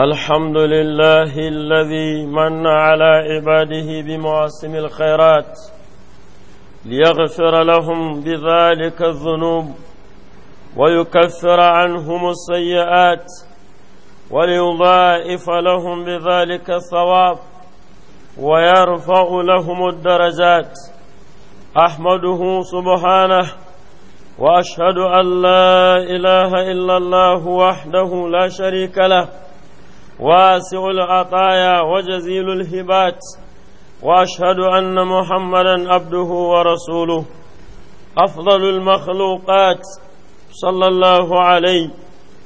الحمد لله الذي من على عباده بمواسم الخيرات ليغفر لهم بذلك الذنوب ويكفر عنهم السيئات وليضائف لهم بذلك الثواب ويرفع لهم الدرجات أحمده سبحانه وأشهد أن لا إله إلا الله وحده لا شريك له واسع العطايا وجزيل الهبات واشهد ان محمدا عبده ورسوله افضل المخلوقات صلى الله عليه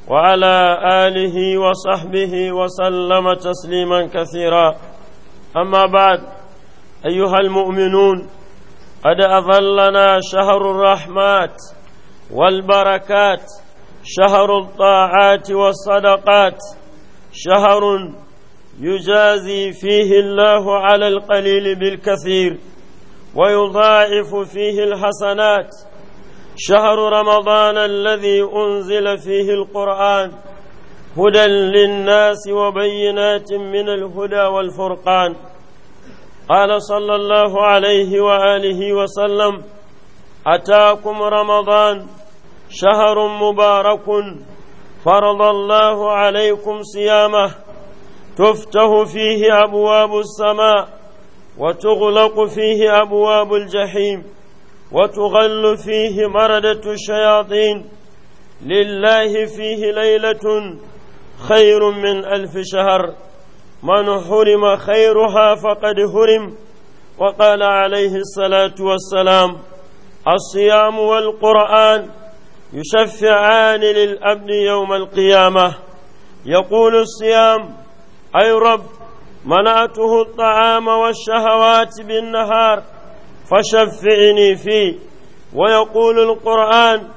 وعلى اله وصحبه وسلم تسليما كثيرا اما بعد ايها المؤمنون قد اظلنا شهر الرحمات والبركات شهر الطاعات والصدقات شهر يجازي فيه الله على القليل بالكثير ويضاعف فيه الحسنات شهر رمضان الذي أنزل فيه القرآن هدى للناس وبينات من الهدى والفرقان قال صلى الله عليه وآله وسلم أتاكم رمضان شهر مبارك فرض الله عليكم صيامه تفتح فيه أبواب السماء وتغلق فيه أبواب الجحيم وتغل فيه مردة الشياطين لله فيه ليلة خير من ألف شهر من حرم خيرها فقد هرم وقال عليه الصلاة والسلام الصيام والقرآن يشفعان للأبد يوم القيامة يقول الصيام أي رب منعته الطعام والشهوات بالنهار فشفعني فيه ويقول القرآن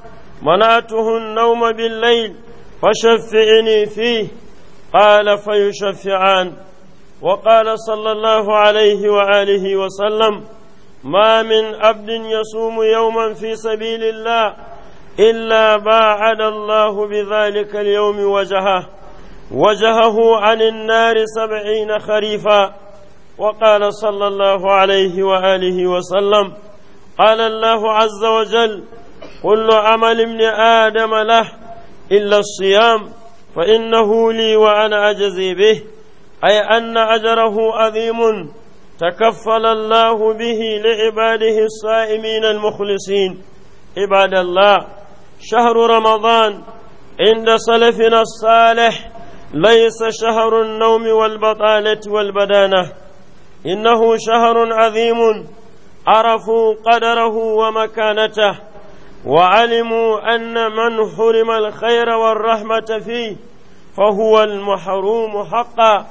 منعته النوم بالليل فشفعني فيه قال فيشفعان وقال صلى الله عليه وآله وسلم ما من عبد يصوم يوما في سبيل الله إلا باعد الله بذلك اليوم وجهه وجهه عن النار سبعين خريفا وقال صلى الله عليه وآله وسلم قال الله عز وجل كل عمل ابن آدم له إلا الصيام فإنه لي وأنا أجزي به أي أن أجره عظيم تكفل الله به لعباده الصائمين المخلصين عباد الله شهر رمضان عند سلفنا الصالح ليس شهر النوم والبطالة والبدانة إنه شهر عظيم عرفوا قدره ومكانته وعلموا أن من حرم الخير والرحمة فيه فهو المحروم حقا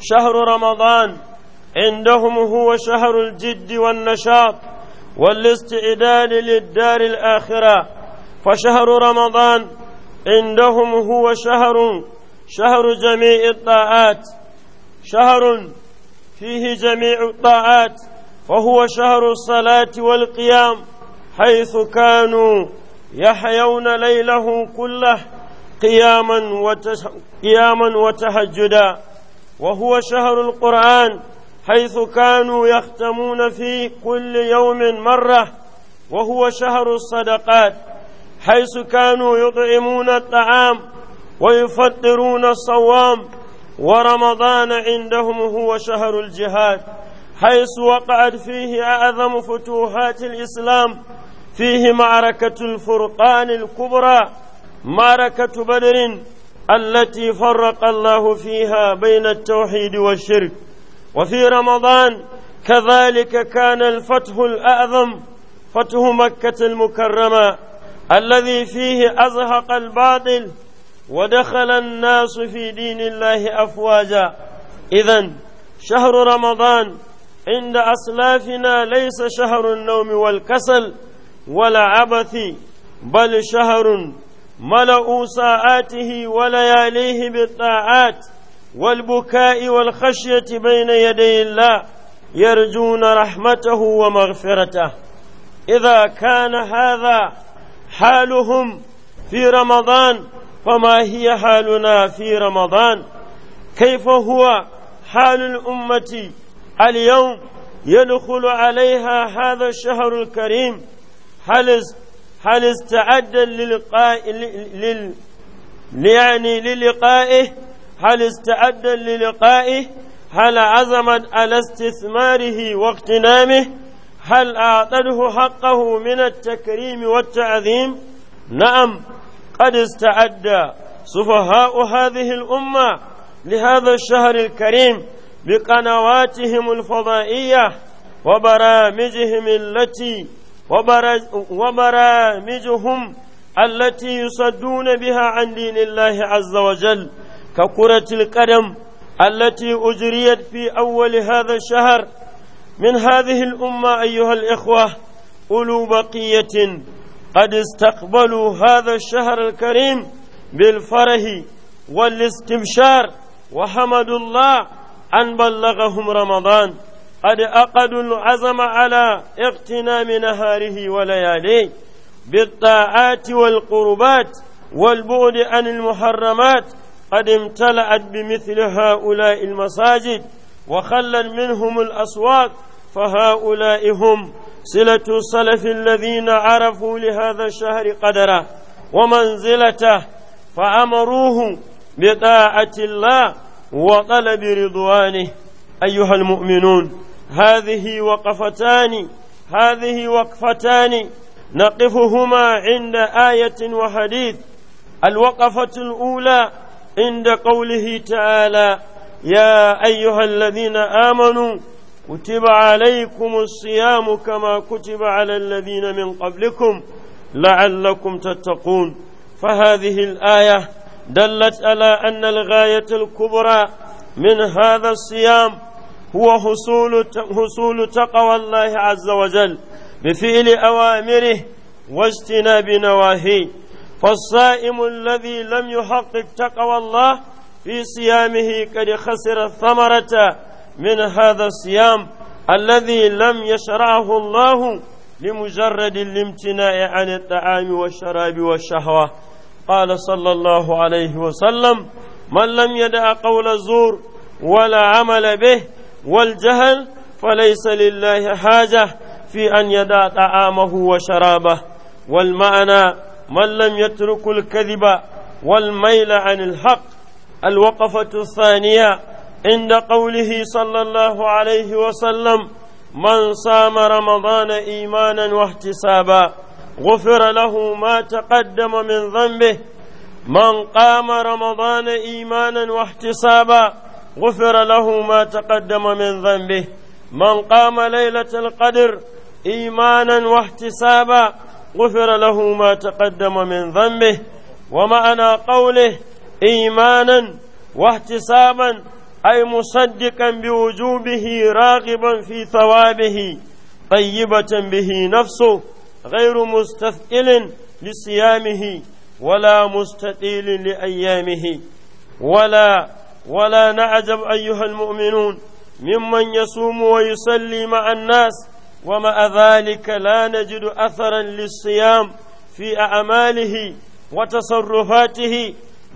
شهر رمضان عندهم هو شهر الجد والنشاط والاستعداد للدار الآخرة فشهر رمضان عندهم هو شهر شهر جميع الطاعات شهر فيه جميع الطاعات وهو شهر الصلاة والقيام حيث كانوا يحيون ليله كله قياما قياما وتهجدا وهو شهر القرآن حيث كانوا يختمون في كل يوم مرة وهو شهر الصدقات حيث كانوا يطعمون الطعام ويفطرون الصوام ورمضان عندهم هو شهر الجهاد حيث وقعت فيه أعظم فتوحات الإسلام فيه معركة الفرقان الكبرى معركة بدر التي فرق الله فيها بين التوحيد والشرك وفي رمضان كذلك كان الفتح الأعظم فتح مكة المكرمة الذي فيه أزهق الباطل ودخل الناس في دين الله أفواجا إذا شهر رمضان عند أسلافنا ليس شهر النوم والكسل ولا عبث بل شهر ملأوا ساعاته ولياليه بالطاعات والبكاء والخشية بين يدي الله يرجون رحمته ومغفرته إذا كان هذا حالهم في رمضان وما هي حالنا في رمضان كيف هو حال الأمة اليوم يدخل عليها هذا الشهر الكريم هل هل استعد للقاء لل يعني للقائه هل استعد للقائه هل عزمت على استثماره واغتنامه هل أعطته حقه من التكريم والتعظيم نعم قد استعد سفهاء هذه الأمة لهذا الشهر الكريم بقنواتهم الفضائية وبرامجهم التي وبرامجهم التي يصدون بها عن دين الله عز وجل ككرة القدم التي أجريت في أول هذا الشهر من هذه الأمة أيها الإخوة أولو بقية قد استقبلوا هذا الشهر الكريم بالفرح والاستبشار وحمدوا الله أن بلغهم رمضان قد أقدوا العزم على اغتنام نهاره ولياليه بالطاعات والقربات والبعد عن المحرمات قد امتلأت بمثل هؤلاء المساجد وخلا منهم الأصوات فهؤلاء هم صلة السلف الذين عرفوا لهذا الشهر قدره ومنزلته فأمروه بطاعة الله وطلب رضوانه أيها المؤمنون هذه وقفتان هذه وقفتان نقفهما عند آية وحديث الوقفة الأولى عند قوله تعالى يا أيها الذين آمنوا كتب عليكم الصيام كما كتب على الذين من قبلكم لعلكم تتقون فهذه الآية دلت على أن الغاية الكبرى من هذا الصيام هو حصول حصول تقوى الله عز وجل بفعل أوامره واجتناب نواهيه فالصائم الذي لم يحقق تقوى الله في صيامه قد خسر الثمرة من هذا الصيام الذي لم يشرعه الله لمجرد الامتناع عن الطعام والشراب والشهوة قال صلى الله عليه وسلم من لم يدع قول الزور ولا عمل به والجهل فليس لله حاجة في أن يدع طعامه وشرابه والمعنى من لم يترك الكذب والميل عن الحق الوقفة الثانية عند قوله صلى الله عليه وسلم من صام رمضان إيمانا واحتسابا غفر له ما تقدم من ذنبه من قام رمضان إيمانا واحتسابا غفر له ما تقدم من ذنبه من قام ليلة القدر إيمانا واحتسابا غفر له ما تقدم من ذنبه ومعنى قوله إيمانا واحتسابا أي مصدقا بوجوبه راغبا في ثوابه طيبة به نفسه غير مستثقل لصيامه ولا مستثقل لأيامه ولا ولا نعجب أيها المؤمنون ممن يصوم ويصلي مع الناس ومع ذلك لا نجد أثرا للصيام في أعماله وتصرفاته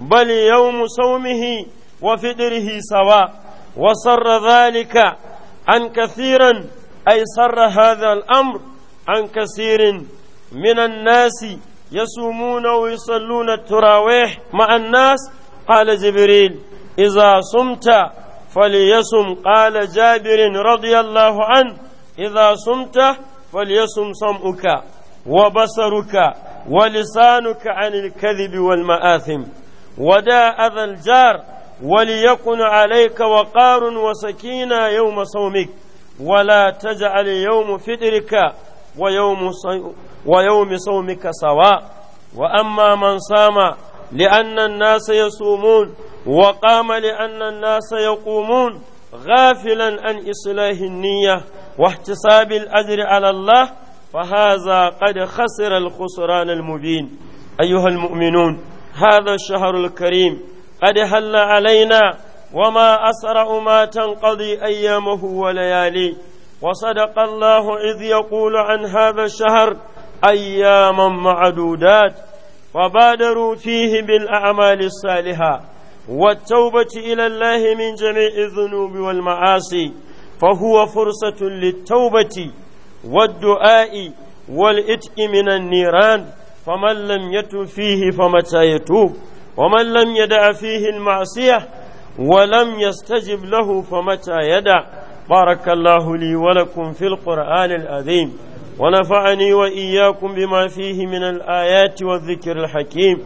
بل يوم صومه وفطره سواء وصر ذلك عن كثيرا أي صر هذا الأمر عن كثير من الناس يصومون ويصلون التراويح مع الناس قال جبريل إذا صمت فليصم قال جابر رضي الله عنه إذا صمت فليصم صمؤك وبصرك ولسانك عن الكذب والمآثم وداء ذا الجار وليكن عليك وقار وسكينة يوم صومك ولا تجعل يوم فطرك ويوم ويوم صومك سواء وأما من صام لأن الناس يصومون وقام لأن الناس يقومون غافلا عن إصلاح النية واحتساب الأجر على الله فهذا قد خسر الخسران المبين أيها المؤمنون هذا الشهر الكريم قد هل علينا وما أسرع ما تنقضي أيامه ولياليه وصدق الله إذ يقول عن هذا الشهر أياما معدودات وبادروا فيه بالأعمال الصالحة والتوبة إلى الله من جميع الذنوب والمعاصي فهو فرصة للتوبة والدعاء والإتق من النيران فمن لم يتب فيه فمتى يتوب ومن لم يدع فيه المعصية ولم يستجب له فمتى يدع بارك الله لي ولكم في القرآن العظيم ونفعني وإياكم بما فيه من الآيات والذكر الحكيم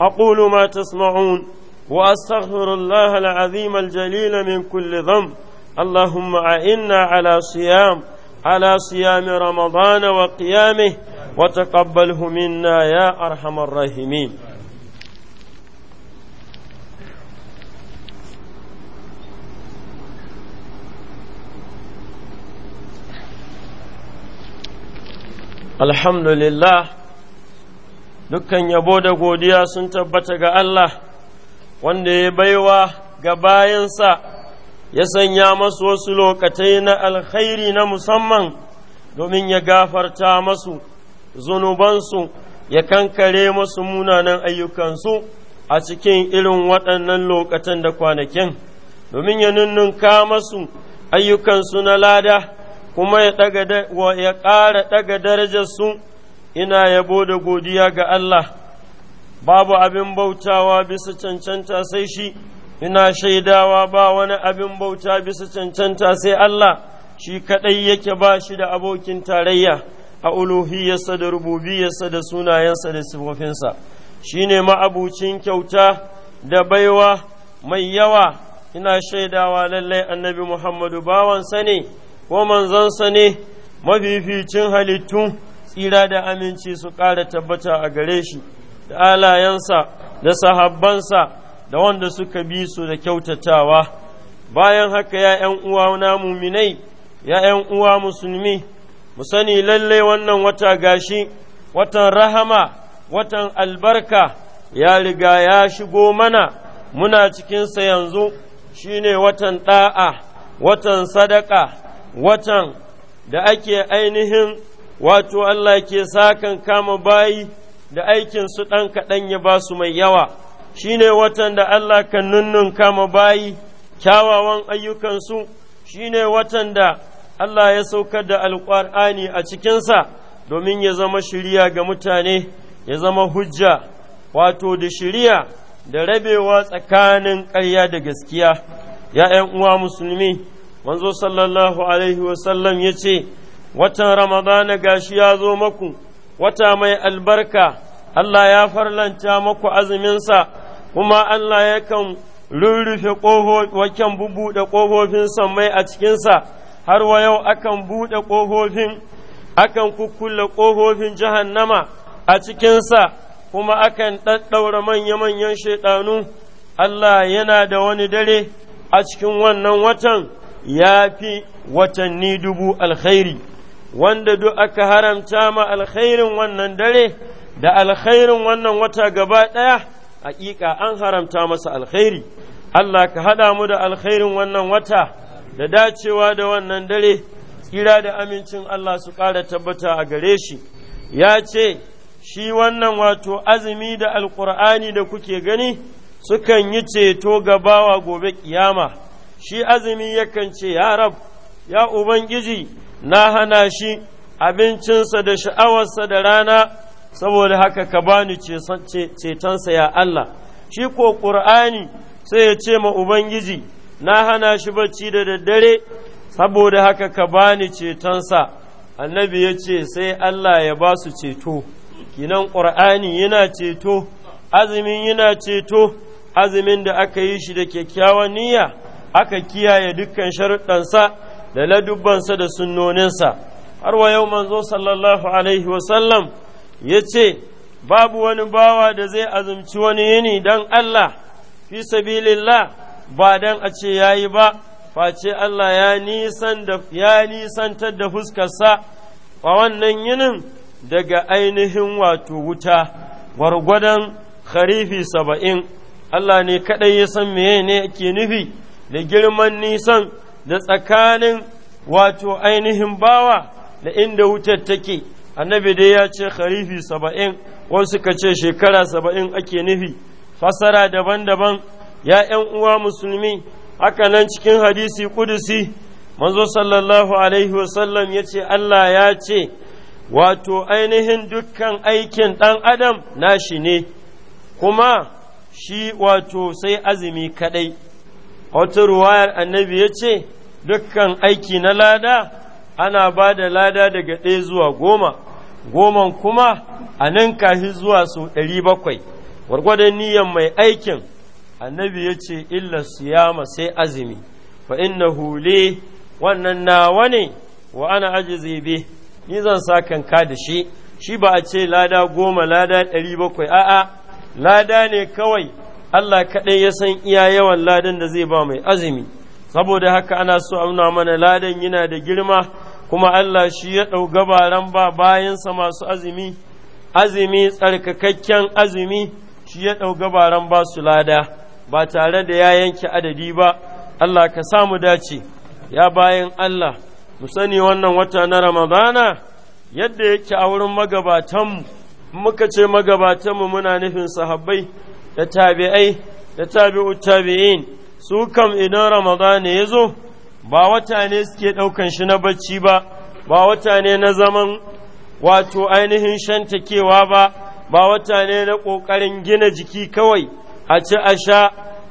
أقول ما تسمعون وأستغفر الله العظيم الجليل من كل ذنب اللهم أعنا على صيام على صيام رمضان وقيامه وتقبله منا يا أرحم الراحمين Alhamdulillah dukkan yabo da godiya sun tabbata ga Allah wanda ya baiwa ga bayansa ya sanya masu wasu lokatai na alkhairi na musamman domin ya gafarta masu zunubansu ya kankare masu munanan ayyukansu a cikin irin waɗannan lokacin da kwanakin domin ya nunnunka masu ayyukansu na lada kuma ya ƙara ɗaga darajarsu ina yabo da godiya ga Allah babu abin bautawa bisa cancanta sai shi ina shaidawa ba wani abin bauta bisa cancanta sai Allah shi kaɗai yake ba shi da abokin tarayya. a uluhiyarsa da rububiyarsa da sunayensa da sifofinsa ne ma'abucin kyauta da baiwa mai yawa ina shaidawa lallai annabi muhammadu bawansa ne ko manzansa ne mafificin halittu tsira da aminci su ƙara tabbata a gare shi da alayensa da sahabbansa da wanda suka bi su da kyautatawa bayan haka ya uwa na muminai ya uwa musulmi mu sani lallai wannan wata gashi watan rahama watan albarka ya riga ya shigo mana muna cikinsa yanzu shine watan ɗa'a watan sadaka watan da ake ainihin wato Allah ke sakan kama bayi da aikin su ɗan kaɗan ya ba su mai yawa shine watan da Allah kan nunnun kama bayi kyawawan ayyukansu shine watan da Allah ya saukar da alƙur'ani a cikinsa domin ya zama shirya ga mutane ya zama hujja wato da shirya da rabewa tsakanin ƙarya da gaskiya Ya'yan uwa musulmi manzo sallallahu alaihi wasallam ya ce watan ramadana gashi ya zo maku wata mai albarka Allah ya farlanta maku azuminsa kuma Allah ya yakan rurrufe waken bubuɗe ƙofofin mai a cikinsa har wa yau akan buɗe ƙofofin akan kukkulle ƙofofin jahannama a cikinsa kuma akan ɗaɗɗaura manya-manyan shaiɗanu Allah yana da wani dare a cikin wannan watan ya fi watanni dubu alkhairi wanda duk aka haramta ma alkhairin wannan dare da alkhairin wannan wata gaba ɗaya hakika an haramta masa alkhairi Allah ka haɗa mu da alkhairin wannan wata da dacewa da wannan dare tsira da amincin Allah su ƙara tabbata a gare shi ya ce shi wannan wato azumi da alƙur'ani da kuke gani sukan yi ceto gabawa gobe kiyama shi azumi yakan ce ya rab ya ubangiji na hana shi abincinsa da sha'awarsa da rana saboda haka ka bani cetonsa ya Allah shi ko ƙur'ani sai ya ce ma ubangiji na hana shi bacci da daddare saboda haka ka bani cetonsa annabi ya ce sai Allah ya ba su ceto kinan ƙur'ani yana ceto azumin yana ceto azumin da aka yi shi da kyakkyawan niyya aka kiyaye dukkan sharuɗansa da ladubbansa da sunnoninsa har wa yau manzo sallallahu alaihi wasallam ya ce babu wani bawa da zai azumci wani yini don Allah fi sabilillah ba dan a ce yayi ba face Allah ya nisan da nisantar da fuskarsa a wannan yinin daga ainihin wato wuta gwargwadon kharifi saba'in Allah ne kaɗai ya san meye ne ke nufi da girman nisan da tsakanin wato ainihin bawa da inda wutar take annabi dai ya ce kharifi saba'in wasu ka ce shekara saba'in ake nufi fasara daban-daban ya ’yan uwa musulmi haka nan cikin hadisi kudusi manzo sallallahu alaihi wasallam ya ce Allah ya ce wato ainihin dukkan aikin ɗan adam nashi ne kuma shi wato sai azumi kaɗai wata ruwayar annabi ya ce dukkan aiki na lada ana ba da lada daga ɗaya zuwa goma goman kuma a nan kashi zuwa sau ɗari bakwai gwargwadon niyan mai aikin annabi ya ce illa siyama sai azumi fa inna hule wannan nawa ne wa ana aji zebe ni zan sa kanka da shi shi ba a ce lada goma lada ɗari bakwai a'a lada ne kawai Allah kaɗai ya san iya yawan ladan da zai ba mai azumi saboda haka ana so a nuna mana ladan yana da girma kuma Allah shi ya ɗau gabaran ba bayansa masu azumi azumi tsarkakakken azumi shi ya ɗau gabaran ba su lada ba tare da ya yanke adadi ba Allah ka samu dace ya bayan Allah mu sani wannan wata na Ramadana yadda yake a wurin magabatanmu muka ce magabatanmu muna nufin sahabbai da tabi'ai da tabi'u tabi'in su kam idan Ramadana ya zo ba wata ne suke ɗaukan shi na bacci ba ba wata ne na zaman wato ainihin shantakewa ba ba wata ne na ƙoƙarin gina jiki kawai a ci a sha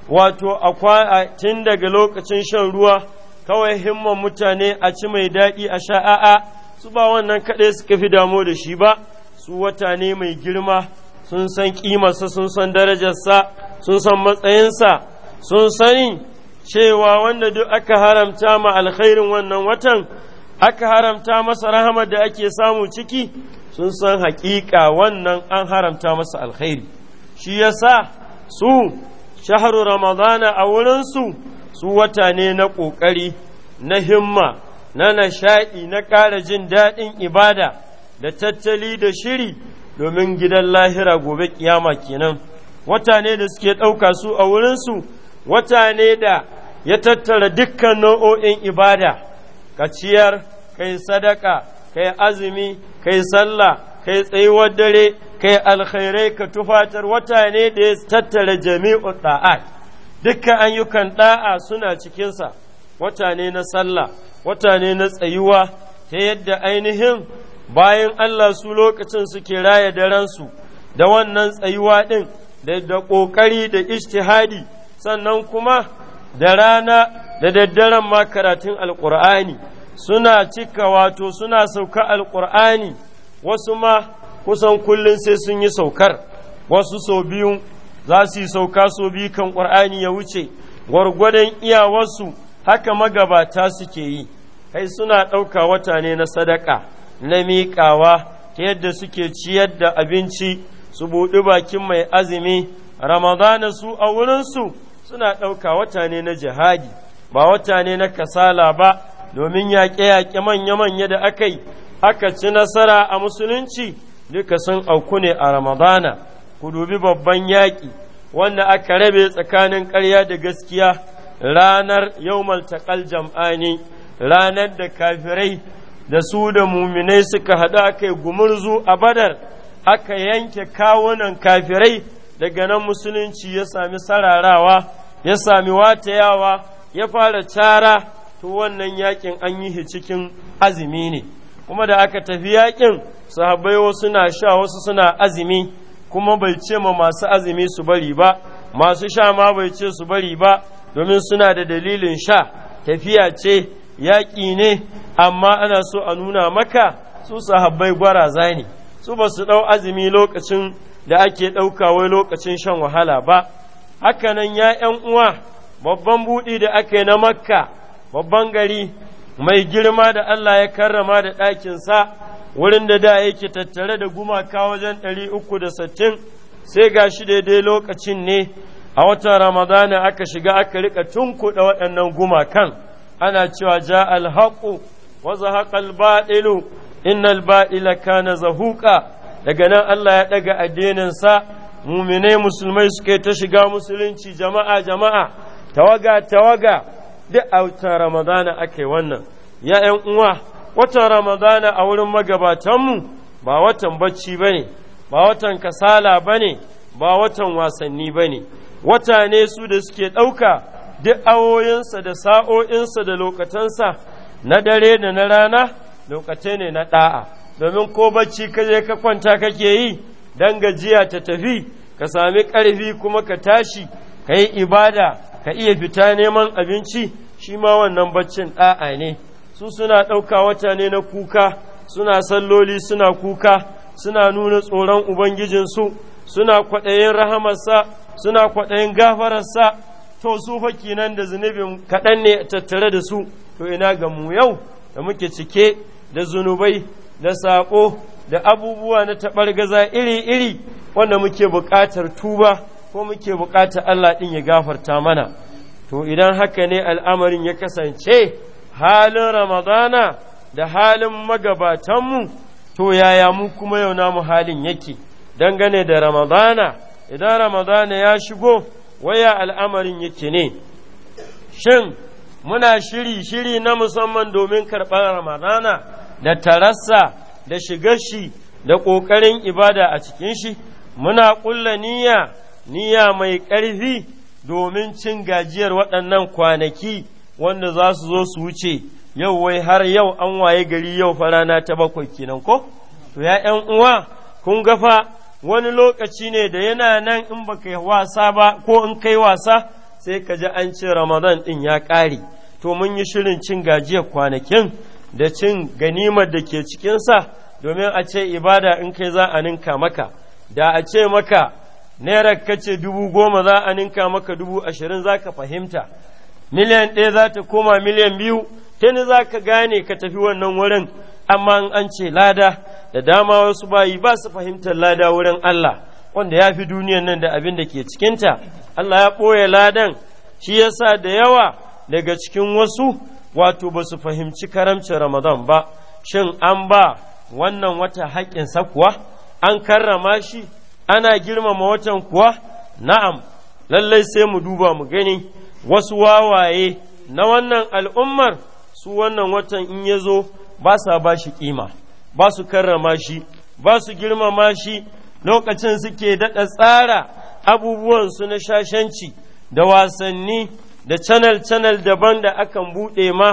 wato a tun daga lokacin shan ruwa kawai himman mutane a ci mai daɗi a sha a'a su ba wannan kaɗai suka fi damo da shi ba su wata ne mai girma sun san ƙimarsa sun san darajarsa sun san matsayinsa sun sani cewa wanda duk aka haramta ma alkhairin wannan watan aka haramta masa rahamar da ake samu ciki sun san haƙiƙa wannan an haramta masa alkhairi shi yasa su shahar ramadana a wurinsu su wata ne na ƙoƙari na himma na nashaɗi na ƙara jin daɗin ibada da tattali da shiri domin gidan lahira gobe kiyama kenan wata ne da suke ɗauka su a wurinsu wata ne da ya tattara dukkan nau'o'in ibada ka ciyar kai sadaka kai azumi kai sallah kai tsayuwar dare kai alkhairai ka tufatar wata ne da ya tattara jami'u da'at dukkan ayyukan ɗa'a suna cikinsa wata ne na sallah wata ne na tsayuwa ta yadda ainihin bayan Allah su lokacin suke raya su da wannan tsayuwa ɗin da ƙoƙari da ishtihadi sannan kuma da rana da daddaren ma karatun alƙur'ani suna cika wato suna sauka alƙur'ani wasu ma kusan kullum sai sun yi saukar wasu sau biyu za su yi sauka sau biyu kan ƙur'ani ya wuce gwargwadon iyawarsu haka magabata suke yi kai suna ɗauka wata ne na sadaka na miƙawa ta yadda suke ciyar da abinci su buɗi bakin mai azumi ramadana su a wurinsu suna ɗauka wata ne na jihadi ba wata ne na kasala ba domin yaƙe-yaƙe manya-manya da aka yi aka ci nasara a musulunci duka sun auku ne a ramadana ku dubi babban yaƙi wanda aka rabe tsakanin ƙarya da gaskiya ranar yau taƙal jam'ani ranar da kafirai da su da muminai suka haɗu aka yi gumurzu a badar aka yanke kawunan kafirai daga nan musulunci ya sami sararawa ya sami watayawa ya fara cara to wannan yakin an yi cikin azumi ne kuma da aka tafi yaƙin sahabbai wasu na sha wasu suna azumi kuma bai ce ma masu azumi su bari ba masu sha ma bai ce su bari ba domin suna da dalilin sha tafiya ce yaƙi ne amma ana so a nuna maka su sahabbai gwaraza ne su ba su ɗau azumi lokacin da ake ɗauka wai lokacin shan wahala ba hakanan ya ‘yan uwa babban buɗi da aka yi na makka babban gari mai girma da Allah ya karrama da ɗakinsa wurin da da yake tattare da gumaka wajen ɗari uku da sittin sai ga shi daidai lokacin ne a watan ramadana aka shiga aka rika tunkuɗa waɗannan gumakan ana cewa ja alhaƙu wa zahaqal in innal baɗila kana zahuƙa daga nan Allah ya ɗaga addininsa muminai musulmai suke ta shiga musulunci jama'a jama'a tawaga tawaga duk a watan ramadana ake wannan ya uwa watan ramadana a wurin magabatanmu ba watan bacci ba ne ba watan kasala ba ne ba watan wasanni ba ne wata ne su da suke ɗauka duk awoyinsa da sa'o'insa da lokatansa na dare da na rana lokatai ne na ɗa'a domin ko bacci kaje ka kwanta kake yi don gajiya ta tafi ka sami ƙarfi kuma ka tashi ka yi ibada ka iya fita neman abinci shi ma wannan baccin ɗa'a ne su suna ɗauka wata ne na kuka suna salloli suna kuka suna nuna tsoron ubangijinsu suna kwaɗayin rahamarsa suna kwaɗayin gafararsa to su faki nan da zunubin kaɗan ne tattare da su to ina ga mu yau da muke cike da zunubai da saƙo da abubuwa na taɓar gaza iri-iri wanda muke buƙatar tuba ko muke bukata Allah ɗin ya gafarta mana to idan haka ne al'amarin ya kasance halin ramadana da halin magabatanmu to yaya mu kuma yau namu halin yake dangane da ramadana idan ramadana ya shigo waya al'amarin yake ne shin muna shiri-shiri na musamman domin karɓar ramadana da tarassa da shigar shi da ƙoƙarin ibada a cikin shi muna ƙulla niyya niyya mai ƙarfi domin cin gajiyar waɗannan kwanaki wanda za su zo su wuce yau wai har yau an waye gari yau farana ta bakwai kenan ko to ya ’yan uwa kun gafa wani lokaci ne da yana nan in ba kai wasa ba ko in kai wasa sai ka ji an ce ramadan ɗin ya ƙare to mun yi shirin cin gajiyar kwanakin da cin ganimar da ke cikinsa domin a ce ibada in kai za a ninka maka da a ce maka naira kace dubu goma za a ninka maka dubu ashirin za ka fahimta miliyan ɗaya za ta koma miliyan biyu ta ni za ka gane ka tafi wannan wurin amma an ce lada da dama wasu bayi ba su fahimtar lada wurin Allah wanda ya fi duniyan nan da abin da ke cikinta Allah ya ɓoye ladan shi yasa da yawa daga cikin wasu wato ba su fahimci karamcin Ramadan ba shin an ba wannan wata haƙƙinsa kuwa an karrama shi ana girmama watan kuwa na'am lallai sai mu duba mu gani wasu wawaye na wannan al'ummar su wannan watan in ya zo ba sa ba shi kima ba su karrama shi ba su girmama shi lokacin suke daɗa tsara abubuwansu na shashanci da wasanni da canal-canal daban da akan buɗe ma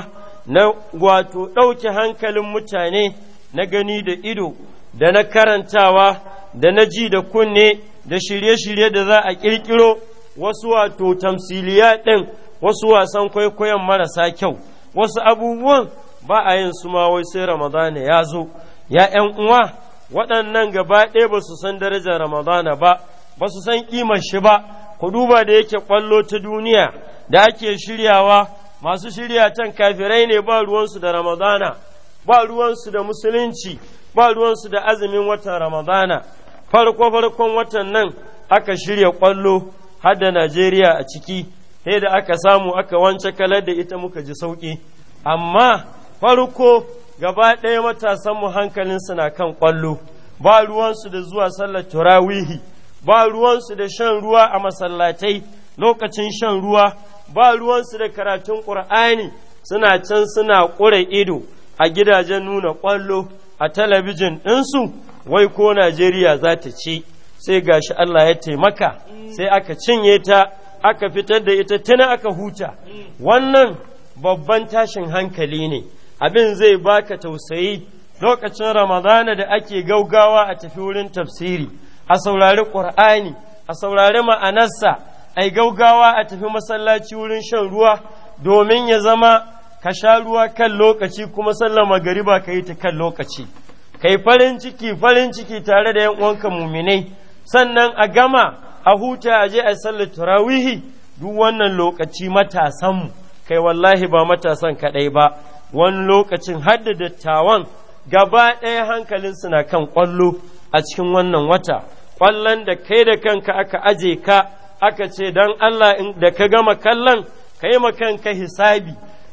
na wato ɗauke hankalin mutane na gani da ido da na karantawa da na ji da kunne da shirye-shirye da za a ƙirƙiro wasu wato tamsiliya ɗin wasu wasan kwaikwayon marasa kyau wasu abubuwan ba a yin su ma wai sai ramadana ya zo ya ‘yan uwa waɗannan gaba ɗaya ba su san darajar ramadana ba ba su san ƙimar shi ba ku duba da yake ƙwallo ta duniya da ake shiryawa masu shirya can kafirai ne ba ruwansu da ramadana ba ruwansu da musulunci ba ruwansu da azumin watan ramadana farko farkon watan nan aka shirya kwallo har da najeriya a ciki sai da aka samu aka wance kalar da ita muka ji sauƙi amma farko gaba ɗaya matasanmu hankalinsu na kan kwallo ba ruwansu da zuwa sallar turawihi ba ruwansu da shan ruwa a masallatai lokacin shan ruwa ba ruwansu da karatun ƙur'ani suna can suna ƙure ido a gidajen nuna ƙwallo a talabijin ɗinsu wai ko Najeriya za ta ci sai gashi Allah ya taimaka sai aka cinye ta aka fitar da ita tana aka huta wannan babban tashin hankali ne abin zai baka tausayi lokacin ramadana da ake gaugawa a tafi wurin tafsiri a saurari ƙur'ani a saurari ma'anarsa a gaugawa a tafi masallaci wurin shan ruwa domin ya zama ka sha ruwa kan lokaci kuma sallar magariba ka yi ta kan lokaci ka yi farin ciki farin ciki tare da yan uwanka muminai sannan a gama a huta a je a sallar turawihi duk wannan lokaci matasan mu kai wallahi ba matasan kaɗai ba wani lokacin har da dattawan gaba ɗaya hankalinsu na kan kwallo a cikin wannan wata ƙwallon da kai da kanka aka aje ka aka ce don Allah da ka gama kallon ka yi kanka hisabi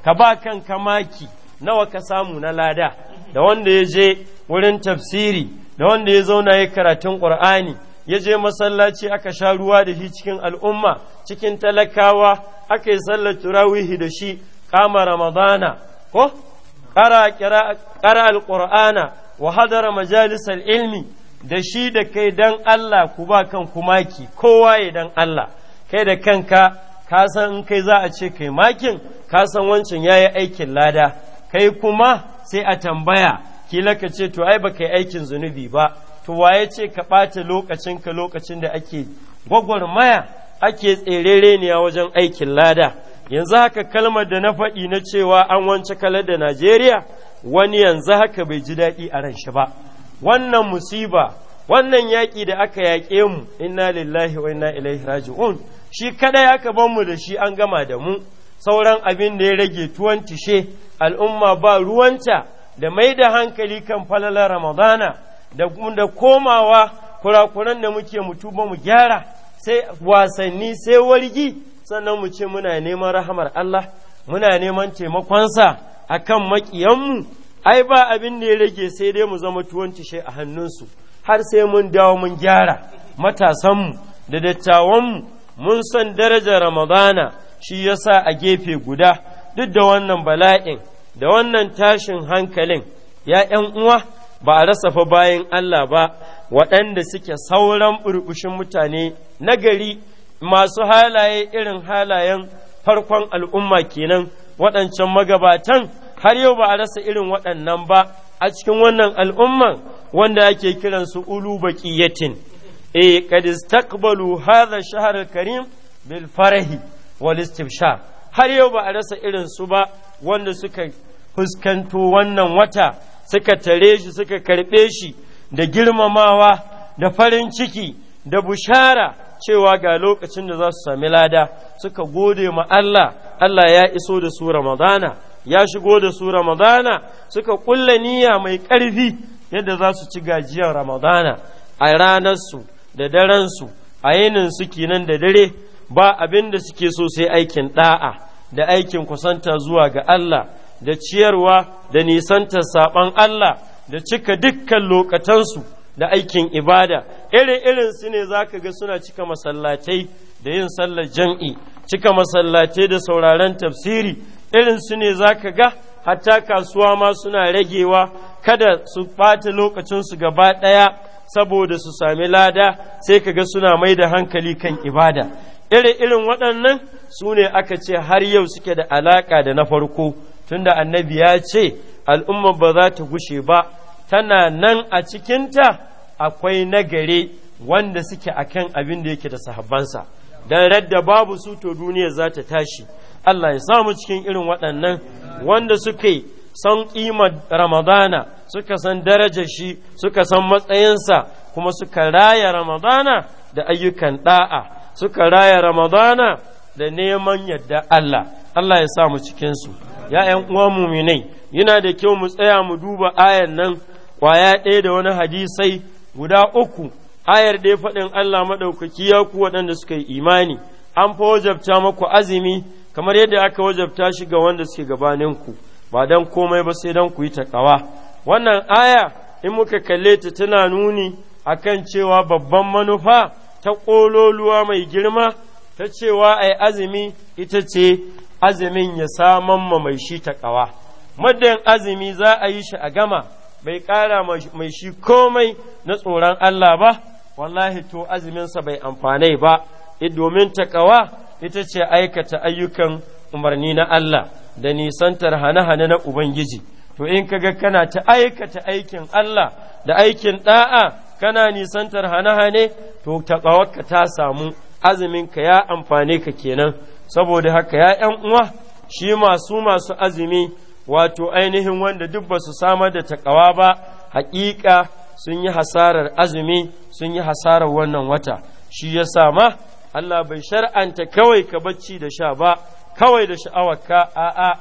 ka ba kan kamaki nawa ka samu na lada da wanda ya je wurin tafsiri da wanda ya zauna ya karatun ƙur'ani ya je masallaci aka sha ruwa da shi cikin al'umma cikin talakawa aka yi sallar turawihi da shi kama ramadana ko ƙara alƙur'ana wa hadara majalisar ilmi da shi da kai dan Allah ku ba kan kumaki kowa ya dan Allah kai da kanka ka san in kai za a ce kai makin ka san wancan ya yi aikin lada kai kuma sai a tambaya kila ka ce to ai ba kai aikin zunubi ba to waye ce ka ɓata lokacin ka lokacin da ake gwagwarmaya ake tserere ne wajen aikin lada yanzu haka kalmar da na faɗi na cewa an wance kalar da najeriya wani yanzu haka bai ji daɗi a ran shi ba wannan musiba wannan yaki da aka yaƙe mu inna lillahi wa inna ilaihi raji'un shi kaɗai aka ban mu da shi an gama da mu sauran abin da ya rage tuwon tishe al'umma ba ruwanta da mai da hankali kan falalar ramadana da da komawa kurakuran da muke mutuba mu gyara sai wasanni sai wargi sannan mu ce muna neman rahamar Allah muna neman taimakonsa a kan mu ai ba abin da ya rage sai dai mu zama tuwon tishe a hannunsu har sai mun dawo mun gyara matasanmu da dattawanmu mun san darajar ramadana shi yasa a gefe guda duk da wannan bala'in da wannan tashin hankalin ya ‘yan uwa ba a rasa fa bayan Allah ba waɗanda suke sauran burbushin mutane nagari masu halaye irin halayen farkon al'umma kenan waɗancan magabatan har yau ba a rasa irin waɗannan ba a cikin wannan al'umman wanda ake kiransu ulu baƙiyatin eh qad istaqbalu hadha shahr al-karim bil farahi wal istibshar har yau ba a rasa irin su ba wanda suka fuskanto wannan wata suka tare shi suka karbe shi da girmamawa da farin ciki da bushara cewa ga lokacin da za su sami lada suka gode ma Allah Allah ya iso da su Ramadana ya shigo da su Ramadana suka kulla niyya mai ƙarfi yadda za su ci gajiyar Ramadana a ranarsu da daransu a yinin su kenan da dare ba abin da suke so sai aikin da'a da aikin kusanta zuwa ga Allah da ciyarwa da nisantar saɓan Allah da cika dukkan lokatansu da aikin ibada irin su ne za ka ga suna cika masallatai da yin sallar jam'i cika masallatai da sauraron tafsiri irin su ne za ka ga hatta kasuwa ma suna ragewa kada su ɓata lokacinsu gaba ɗaya saboda su sami lada sai ka ga suna mai da hankali kan ibada irin irin waɗannan su ne aka ce har yau suke da alaƙa da na farko tunda annabi ya ce al'umma ba za ta gushe ba tana nan a cikinta akwai nagare wanda suke a kan abin da yake da sahabbansa don radda babu su to duniya za ta tashi Allah ya samu cikin irin waɗannan wanda suke san ƙimar ramadana suka san daraja shi suka san matsayinsa kuma suka raya ramadana da ayyukan ɗa'a suka raya ramadana da neman yadda Allah Allah ya sa mu cikinsu ya ‘yan uwa muminai yana da kyau mu tsaya mu duba ayan nan kwaya ɗaya da wani hadisai guda uku ayar ɗaya faɗin Allah maɗaukaki ya ku waɗanda suka yi imani an fa wajabta maku azumi kamar yadda aka wajabta shi ga wanda suke gabaninku ba don komai ba sai don ku yi taƙawa wannan aya in muka kalle ta tana nuni a kan cewa babban manufa ta ƙololuwa mai girma ta cewa yi azumi ita ce azumin ya saman ma mai shi taƙawa muddin azumi za a yi shi a gama bai ƙara mai shi komai na tsoron Allah ba wallahi to azuminsa bai amfanai ba domin taƙawa ita ce aikata ayyukan umarni na Allah da nisantar hane-hane na Ubangiji, to in kaga kana ta aikata aikin Allah da aikin ɗa'a kana nisantar hane-hane, to taɓawarka ta samu azuminka ya amfane ka kenan, saboda haka ya ‘yan uwa shi masu masu azumi wato ainihin wanda duk ba su samar da taƙawa ba, haƙiƙa sun yi hasarar azumi sun yi hasarar wannan wata, shi ya ma Allah bai shar'anta kawai ka bacci da sha ba. kawai da sha'awarka a'a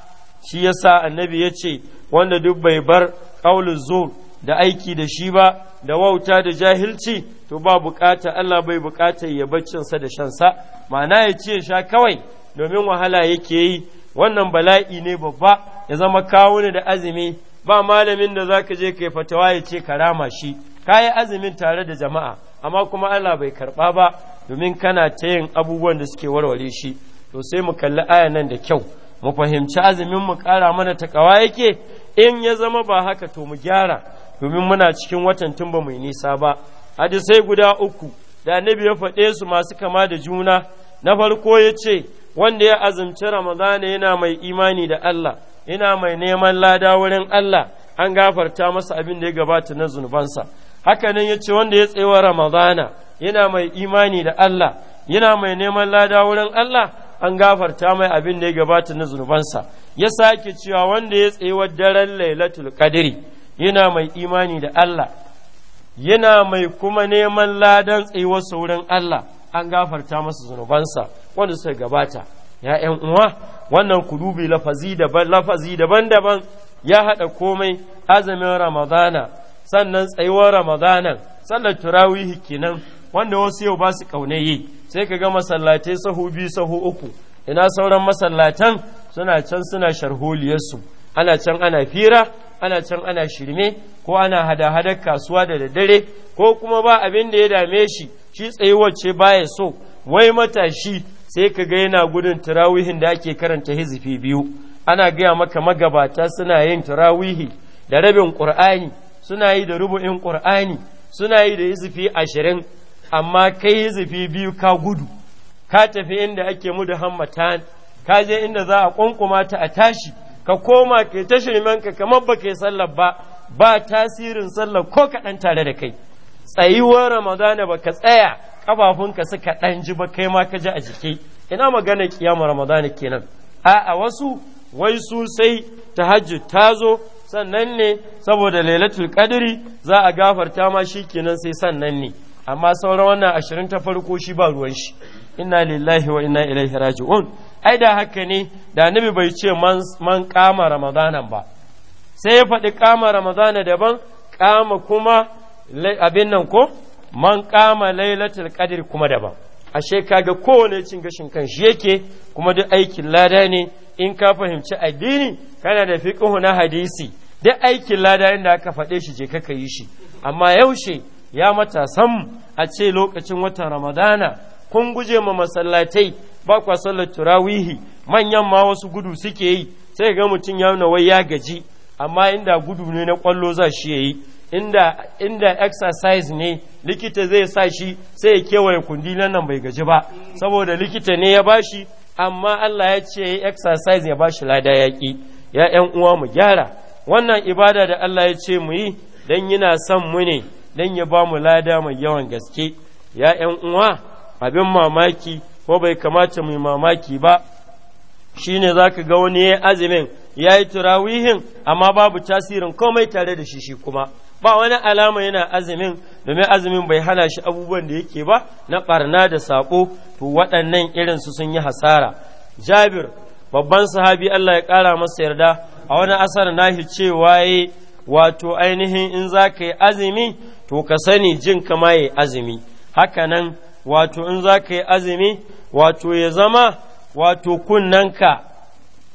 shi yasa annabi ya ce wanda duk bai bar ƙaulin zo da aiki da shi ba da wauta da jahilci to ba bukata Allah bai bukata ya baccinsa da shansa ma'ana ya ce sha kawai domin wahala yake yi wannan bala'i ne babba ya zama kawo ne da azumi ba malamin da za ka je kai fatawa ya ce karama shi kayi azumin tare da jama'a amma kuma Allah bai karba ba domin kana ta yin abubuwan da suke warware shi to sai mu kalli ayan nan da kyau mu fahimci azumin mu kara mana takawa yake in ya zama ba haka to mu gyara domin muna cikin watan tun ba mu nisa ba hadisai guda uku da annabi ya faɗe su masu kama da juna na farko ya ce wanda ya azumci ramadana yana mai imani da Allah yana mai neman lada wurin Allah an gafarta masa abin da ya gabata na zunubansa haka nan ya ce wanda ya tsewa ramadana yana mai imani da Allah yana mai neman lada wurin Allah an gafarta mai abin da ya gabata na zunubansa ya sake cewa wanda ya tsayuwar daren lailatul qadri yana mai imani da Allah yana mai kuma neman ladan tsayuwar saurin Allah an gafarta masa zunubansa wanda suka gabata ya ‘yan uwa wannan kudubi dubi lafazi daban lafazi daban-daban ya haɗa komai azumin ramadana sannan tsayuwar ramadana sallar turawihi kenan wanda wasu yau ba su yi sai ka ga masallatai sahu biyu sahu uku ina sauran masallatan suna can suna sharholiyarsu ana can ana fira ana can ana shirme ko ana hada-hadar kasuwa da daddare ko kuma ba abin da ya dame shi shi tsayuwar ce baya so wai matashi sai ka ga yana gudun turawihin da ake karanta hizifi biyu ana gaya maka magabata suna yin turawihi da rabin ƙur'ani suna yi da rubu'in ƙur'ani suna yi da hizifi ashirin amma kai zafi biyu ka gudu ka tafi inda ake mu da hammatan ka je inda za a ƙunƙuma ta a tashi ka koma ke ta shirmanka kamar ba ke sallar ba ba tasirin sallar ko kaɗan tare da kai tsayuwar ramadana ba ka tsaya ƙafafunka suka ɗan ji ba kai ma ka ji a jiki ina magana kiyama ramadana kenan a a wasu wai su sai ta hajji ta zo sannan ne saboda lailatul kadiri za a gafarta ma shi kenan sai sannan ne amma sauran wannan ashirin ta farko shi ba ruwan shi inna lillahi wa inna ilaihi raji'un ai da haka ne da nabi bai ce man kama ramadanan ba sai ya faɗi kama ramadana daban kama kuma abin nan ko man kama lailatul qadr kuma daban ashe kaga kowane cin gashin kan shi yake kuma duk aikin lada ne in ka fahimci addini kana da fiqhu na hadisi duk aikin lada da aka faɗe shi je kaka yi shi amma yaushe ya matasan a ce lokacin watan ramadana kun guje ma masallatai ba kwa sallar turawihi manyan ma wasu gudu suke yi sai ga mutum ya wai ya gaji amma inda gudu ne na kwallo za shi yayi inda inda exercise ne likita zai sa shi sai ya kewaye kundi nan bai gaji ba saboda likita ne ya bashi amma Allah ya ce exercise ya bashi lada yaki ya ƴan uwa mu gyara wannan ibada da Allah ya ce mu yi dan yana son mu ne don ya ba mu lada mai yawan gaske ya ‘yan uwa abin mamaki ko bai kamata mu mamaki ba shi ne za ka ga wani ya azumin ya yi turawihin amma babu tasirin komai tare da shi shi kuma ba wani alama yana azumin domin azumin bai hana shi abubuwan da yake ba na ɓarna da saƙo to waɗannan irin su sun yi hasara jabir babban sahabi Allah ya ƙara masa yarda a wani asar nahi cewa ya wato ainihin in za ka yi azumi to ka sani jin kama ya azumi hakanan wato in za ka yi azumi wato ya zama wato kunnanka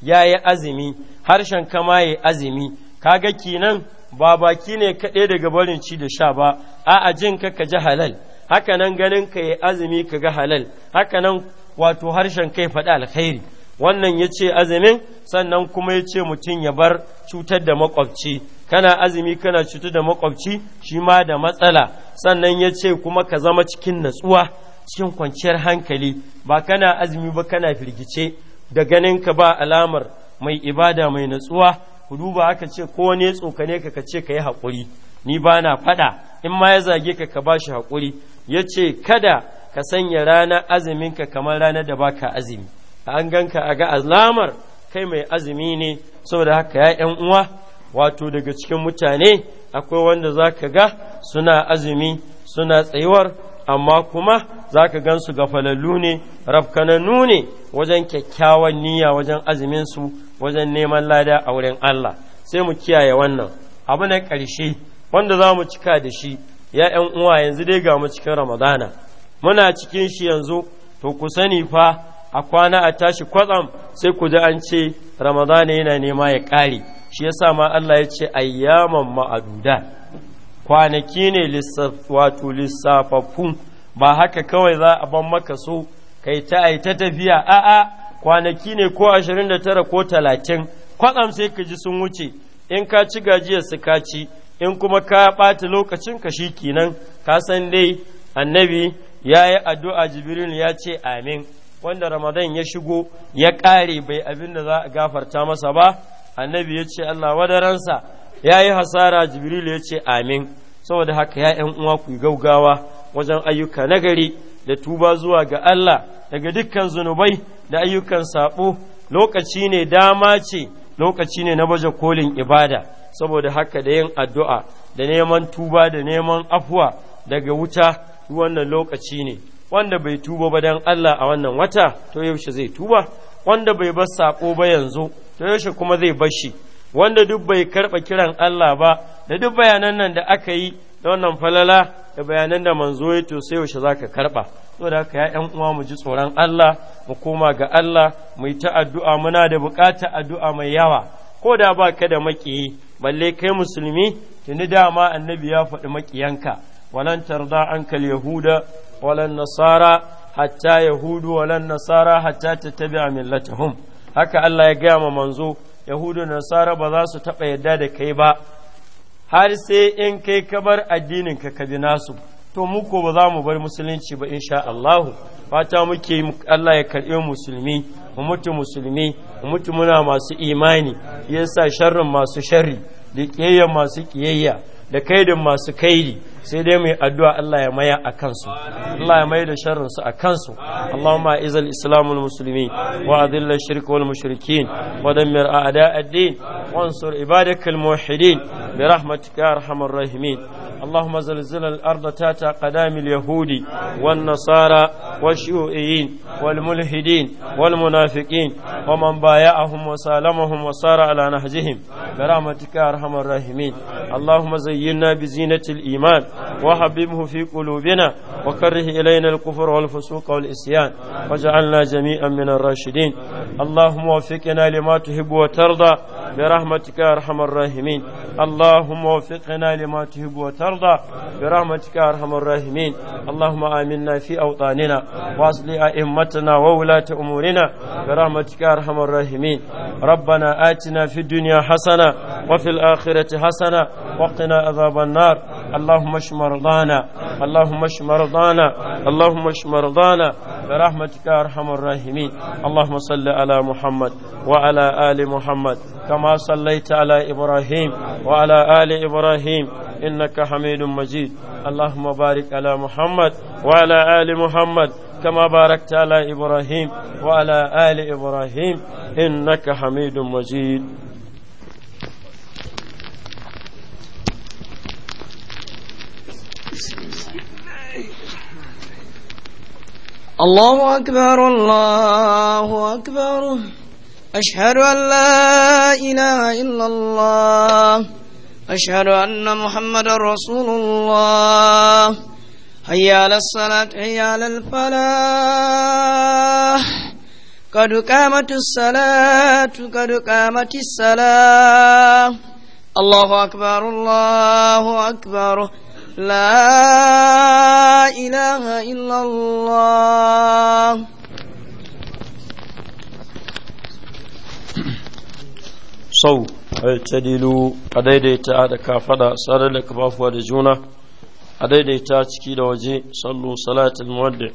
ya yi azumi harshen kama ya azumi kaga kinan ba baki ne kaɗai daga barin ci da sha ba a'a jin ka ka ji halal hakanan ganin ka yi azumi ka ga halal hakanan wato harshen kai faɗi alkhairi wannan ya ce azumin sannan kuma ya ce mutum ya bar cutar da makwabci kana azumi kana cutu da makwabci shi ma da matsala sannan ya ce kuma ka zama cikin natsuwa cikin kwanciyar hankali ba kana azumi ba kana firgice da ganin ka ba alamar mai ibada mai natsuwa ku duba aka ce ko ne tsokane ka ce ka yi haƙuri ni ba na faɗa in ma ya zage ka ka ba shi haƙuri ya ce kada ka sanya rana azumin ka kamar ranar da baka azumi an ganka a ga alamar kai mai azumi ne saboda haka ya 'yan uwa wato daga cikin mutane akwai wanda za ka ga suna azumi suna tsayuwar amma kuma za ka ga gafalallu ne rafkananu ne wajen kyakkyawan niyya wajen azuminsu wajen neman lada a wurin Allah sai mu kiyaye wannan abu na ƙarshe wanda za mu cika da shi ya ‘yan uwa yanzu dai ga mu cikin ramadana muna cikin shi yanzu to ku sani fa a kwana a tashi kwatsam sai ku ji an ce ramadana yana nema ya ƙare shi ya sa ma Allah ya ce ayyaman ma'aduda kwanaki ne wato lissafaffun ba haka kawai za a ban maka so kai ta ai ta tafiya a'a kwanaki ne ko 29 ko 30 kwatsam sai ka ji sun wuce in ka ci gajiyar su ka ci in kuma ka ɓata lokacin ka shi kenan ka san dai annabi ya yi addu'a jibril ya ce amin wanda ramadan ya shigo ya ƙare bai abin da za a gafarta masa ba annabi ya ce Allah wadaransa ya yi hasara jibril ya ce amin saboda haka ya ‘yan uwa ku gaugawa wajen ayyuka nagari da tuba zuwa ga Allah daga dukkan zunubai da ayyukan saɓo lokaci ne dama ce lokaci ne na baje kolin ibada saboda haka da yin addu'a da neman tuba da neman afuwa daga wuta wannan lokaci ne wanda bai tuba ba dan Allah a wannan wata to yaushe zai tuba wanda bai bar sako ba yanzu to yaushe kuma zai bar shi wanda duk bai karɓa kiran Allah ba da duk bayanan nan da aka yi da wannan falala da bayanan da manzo ya to sai yaushe zaka karɓa da haka ya ƴan uwa mu ji tsoron Allah mu koma ga Allah mu yi ta addu'a muna da buƙatar addu'a mai yawa ko da ba ka da maƙiyi balle kai musulmi tuni dama annabi ya faɗi maƙiyanka walan tarda ankal yahuda walan nasara hatta yahudu walan nasara hatta tattabi'a millatahum haka Allah ya gaya ma manzo yahudu da nasara ba za su taɓa yadda da kai ba har sai in kai ka bar addinin ka ka bi nasu to mu ko ba za mu bar musulunci ba insha Allah fata muke Allah ya karɓi musulmi mu mutu musulmi mu mutu muna masu imani yasa sharrin masu sharri da kiyayya masu kiyayya da kaidin masu kaidi sai dai mai addu'a Allah ya maya a kansu Allah ya mai da sharrinsu a kansu Allahumma izal islamul musulmi wa adilla shirka wal mushrikin wa dammir a'da ad-din ibadakal muwahhidin bi rahmatika arhamar rahimin اللهم زلزل الأرض تاتا قدام اليهود والنصارى والشيوعيين والملحدين والمنافقين ومن بايعهم وسالمهم وصار على نهجهم برحمتك أرحم الراحمين اللهم زينا بزينة الإيمان وحببه في قلوبنا وكره إلينا الكفر والفسوق والإسيان واجعلنا جميعا من الراشدين اللهم وفقنا لما تحب وترضى برحمتك يا أرحم الراحمين اللهم وفقنا لما تحب وترضى برحمتك يا أرحم الراحمين اللهم آمنا في أوطاننا واصل أئمتنا وولاة أمورنا برحمتك يا أرحم الراحمين ربنا آتنا في الدنيا حسنة وفي الآخرة حسنة وقنا عذاب النار اللهم اشف مرضانا اللهم اشف مرضانا اللهم اشف مرضانا برحمتك يا ارحم الراحمين اللهم صل على محمد وعلى ال محمد كما صليت على ابراهيم وعلى ال ابراهيم انك حميد مجيد اللهم بارك على محمد وعلى ال محمد كما باركت على ابراهيم وعلى ال ابراهيم انك حميد مجيد الله أكبر الله أكبر أشهد أن لا إله إلا الله أشهد أن محمد رسول الله هيا للصلاة هيا للفلاح قد قامت الصلاة قد قامت الصلاة الله أكبر الله أكبر لا إله إلا الله sau ta dilu a daidaita da kafada sarar da kafafuwa da juna a daidaita ciki da waje sallu salatul muwaddi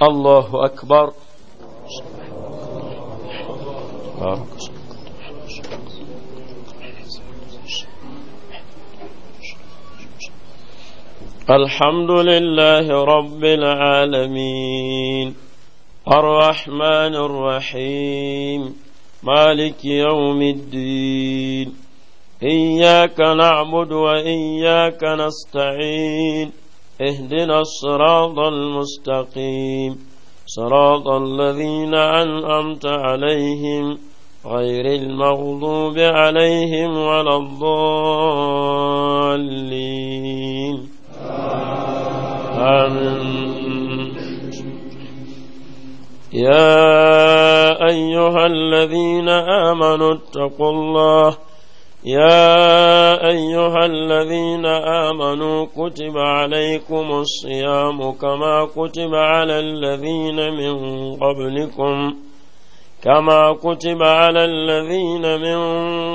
Allahu akbar الحمد لله رب العالمين الرحمن الرحيم مالك يوم الدين إياك نعبد وإياك نستعين اهدنا الصراط المستقيم صراط الذين أنأمت عليهم غير المغضوب عليهم ولا الضالين آمين يا أيها الذين آمنوا اتقوا الله يا أيها الذين آمنوا كتب عليكم الصيام كما كتب على الذين من قبلكم كما كتب على الذين من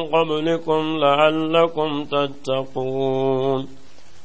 قبلكم لعلكم تتقون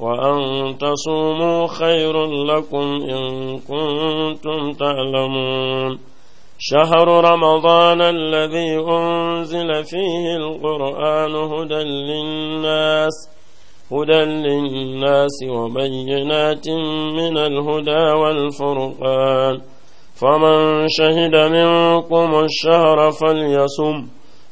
وأن تصوموا خير لكم إن كنتم تعلمون شهر رمضان الذي أنزل فيه القرآن هدى للناس هدى للناس وبينات من الهدى والفرقان فمن شهد منكم الشهر فليصم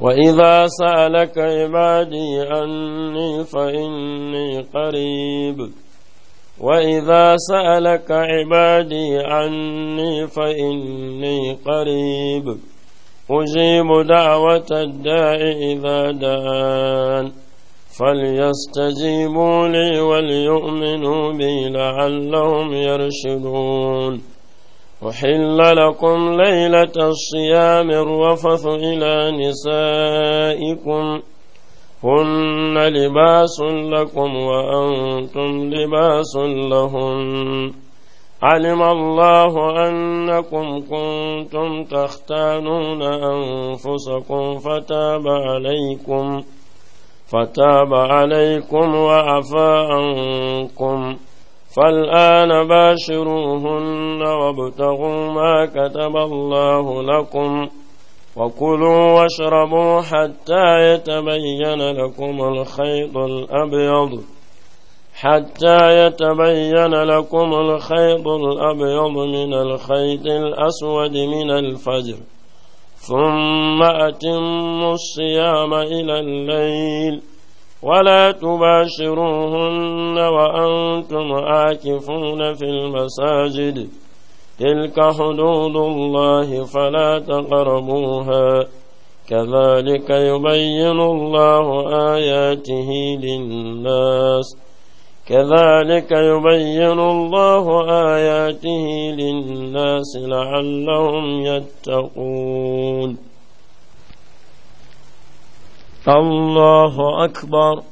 وإذا سألك عبادي عني فإني قريب وإذا سألك عبادي عني فإني قريب أجيب دعوة الداع إذا دان فليستجيبوا لي وليؤمنوا بي لعلهم يرشدون أحل لكم ليلة الصيام الرفث إلى نسائكم هن لباس لكم وأنتم لباس لهن علم الله أنكم كنتم تختانون أنفسكم فتاب عليكم فتاب عليكم وعفى عنكم فالآن باشروهن وابتغوا ما كتب الله لكم وكلوا واشربوا حتى يتبين لكم الخيط الأبيض حتى يتبين لكم الخيط الأبيض من الخيط الأسود من الفجر ثم أتموا الصيام إلى الليل ولا تباشروهن وأنتم آكفون في المساجد تلك حدود الله فلا تقربوها كذلك يبين الله آياته للناس كذلك يبين الله آياته للناس لعلهم يتقون الله أكبر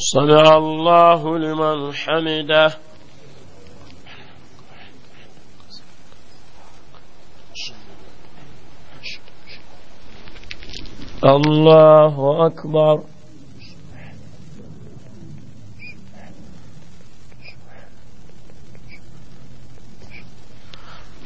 صلى الله لمن حمده الله أكبر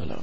والسلام